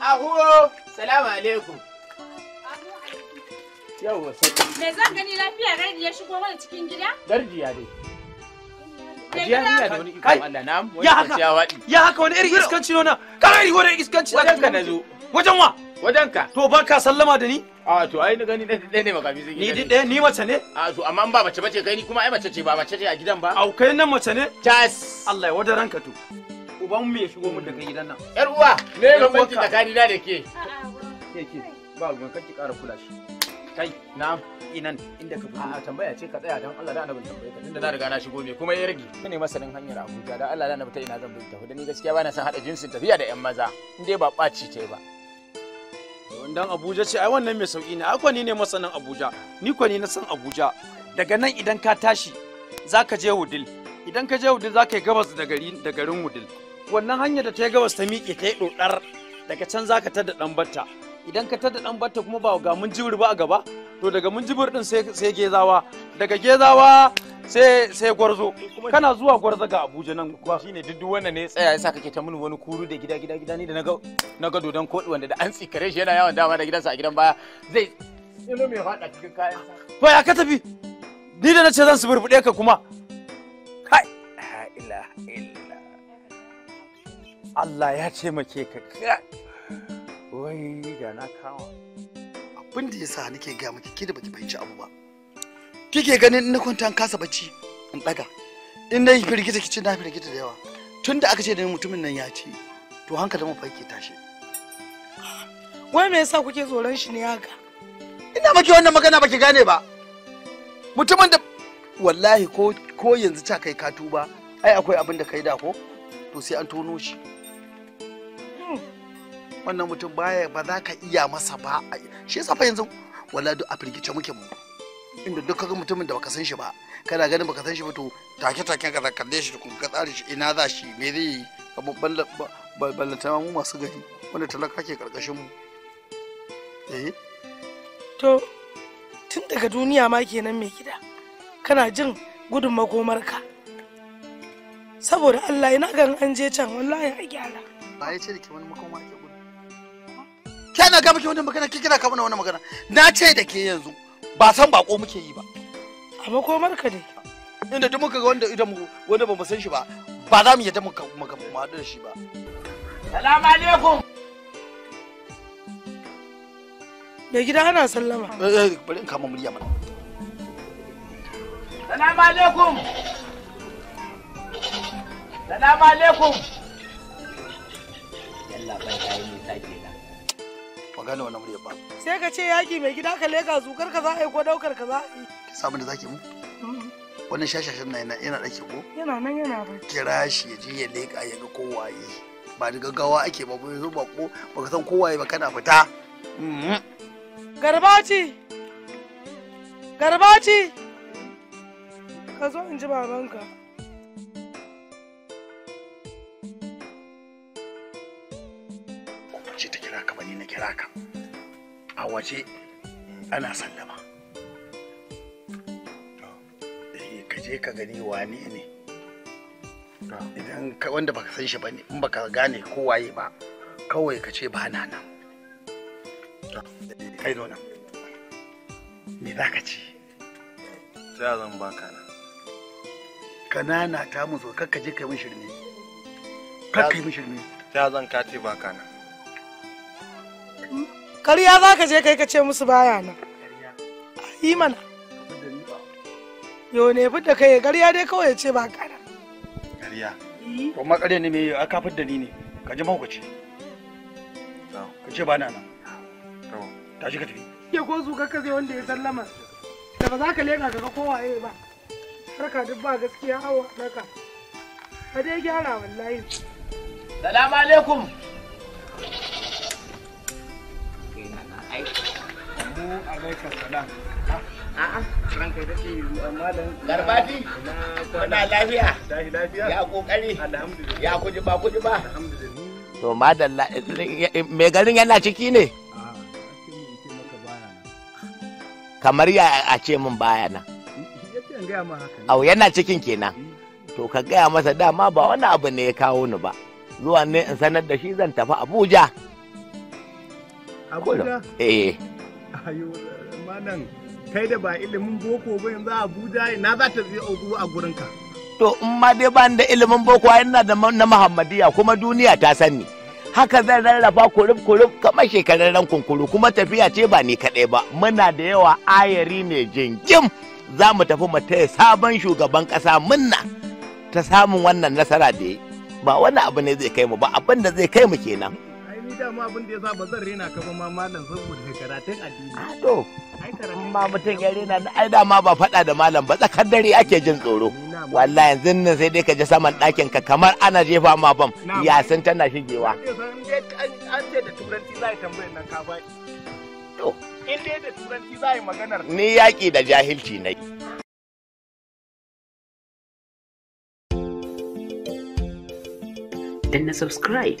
Ahuwo, salamu alaikum. Yawwa sai. Me zan gani lafiya gardi ya shigo mana cikin gida? Gardiya dai. Jiya ina da wani ikon Allah na wani kwanciya waɗi. Ya haka wani irin iskanci nona. Kana iri wani iskanci. Wajen ka na zo. Wajen wa? Wajen ka. To ba ka sallama da ni? A to ai na gani ɗaya ne makami zai Ni ɗaya ni mace ne? A to amma ba mace bace kai ni kuma ai mace ce ba mace ce a gidan ba. Au kai nan mace ne? Tas. Allah ya wadaranka to. uban ya shigo mu daga gidan nan yar uwa me ya banki tsakani na da ke ke ke ba ruwan kake ƙara kula shi kai na inan inda ka fito a tambaya ce ka tsaya dan Allah da annabi tambaye ka tunda na riga na shigo ne kuma ya rage ne masanin hanyar Abuja da Allah da annabi ta ina zan bi tafi da ni gaskiya bana san hada jinsin tafiya da ƴan maza in dai ba ɓaci ce ba dan Abuja ce ai wannan mai sauki ne akwai ni ne masanin Abuja ni kwani na san Abuja daga nan idan ka tashi za ka je Wudil idan ka je Wudil zaka yi gabas da garin Wudil wannan hanyar da ta yi gabas ta miƙe ta yi ɗoɗar daga can za ka tada ɗan batta idan ka tada ɗan batta kuma ba ga mun jibir ba a gaba to daga mun jibir ɗin sai gezawa daga gezawa sai gwarzo kana zuwa gwarzo ga abuja nan kuwa shine duk wannan ne tsaya yasa kake ta mun wani kuru da gida gida gida ni da na ga dodon koɗi wanda da an tsikare shi yana yawan dama da gidansa a gidan baya zai ilo mai faɗa cikin kayan to ya ka tafi ni da na ce zan su burbuɗe ka kuma kai la ilaha Allah ya taimake ka wai da na kama abin da yasa nake ga miki ki da baki fahimci abu ba kike ganin in na kwanta an kasa bacci in daga in na yi firgita kici na firgita da yawa Tunda aka ce da mutumin nan ya ce to hankalin mu fa tashi wai me yasa kuke tsoron shi ne haka ina maki wannan magana baki gane ba mutumin da wallahi ko yanzu ta kai ka tuba ai akwai abin da kai da ko to sai an tono shi wannan mutum baya ba za ka iya masa ba shi yasa fa yanzu wala duk a firgice muke mu inda duk kaga mutumin da baka san shi ba kana ganin baka san shi ba to take take ka kalle shi kun ka tsare shi ina za shi me zai yi kamar ballanta mu masu gari wanda talaka ke karkashin mu eh to tun daga duniya ma kenan mai gida kana jin gudun makomarka saboda Allah ina ga an je can wallahi a gyara ba ya ce da ke wani makoma ake gudu ke na ga muke wani magana ke kira ka wani magana na ce da ke yanzu ba san bako muke yi ba a makomar ka ne inda duk muka ga wanda idan mu wanda ba mu san shi ba ba za mu yadda muka muka mu haɗu da shi ba salamu alaikum mai gida ana sallama eh, eh, bari in kama murya mana salamu alaikum salamu alaikum Allah bai sake magana wannan murya ba sai ka ce yaki mai gida ka leka zukar ka za a yi ko daukar ka za a yi da zaki mu wannan shashashin na yana yana ko yana nan yana ba kira shi ya je ya leka ya ga waye ba da gaggawa ake ba yanzu ba ko baka san kowaye ba kana fita mm-hmm. garbaci garbaci ka zo in ji babanka ce ta kira ka ba na kira ka a waje ana sallama eh, ka je ka gani wane ne idan wanda baka san shi ba ne in baka gane kowaye ba kawai ka ce ba na nan eh, kai nuna me za ka ce ta zan baka nan kanana ta mu zo kakka je kai mun shirme kakka yi mun shirme ta zan kati baka nan ƙarya za ka je kai ka ce musu baya na yi mana yau ne fi da kai ƙarya dai kawai ya ce ba ƙara ƙarya to eh? ma ƙarya ne me a kafin da ni ne ka ji mahaukaci ka ce ba na nan shi ka tafi ke ko zuka ka zai wanda ya sallama da ba za ka leƙa ka ga kowaye ba harka duk ba gaskiya hawa naka ka dai gyara wallahi salamu alaikum Ko alaika salam. A'a, ranka da ce malam. Garbati, kuna lafiya? lafiya. Ya kokari. Alhamdulillah. Ya kuji ba kuji ba. Alhamdulillah. To madalla mai garin yana ciki ne? Kamar ya a ce min baya nan. Au yana cikin kenan. Hmm. To ka gaya masa dama ba wani abu ne ya kawo ni ba. Zuwa ne in sanar da shi zan tafi Abuja. Abuja? Eh. ayo manan kai da ba ilimin boko ba yanzu abuja na za ta zai ogu a gurinka to in ma dai ba da ilimin boko ai ina da na muhammadiya kuma duniya ta sani haka zan rarrafa kurub kurub kamar shekarar ran kunkuru kuma tafiya ce ba ni kaɗai ba muna da yawa ayari ne jingim za mu tafi mu taya sabon shugaban ƙasa munna ta samun wannan nasara da ba wani abu ne zai kai mu ba abin da zai kai mu kenan dama abin da ya sa ba zan rena ka ba ma malam saboda karatun addini. A to. Ma mutum ya rena ai dama ba faɗa da malam ba tsakar dare ake jin tsoro. Wallahi yanzu nan sai dai ka ji saman ɗakin ka kamar ana jefa ma bam ya san tana shigewa. An ce da turanci za a yi tambayar nan ka faɗi. To. In dai da turanci za a yi maganar. Ni yaƙi da jahilci na yi. subscribe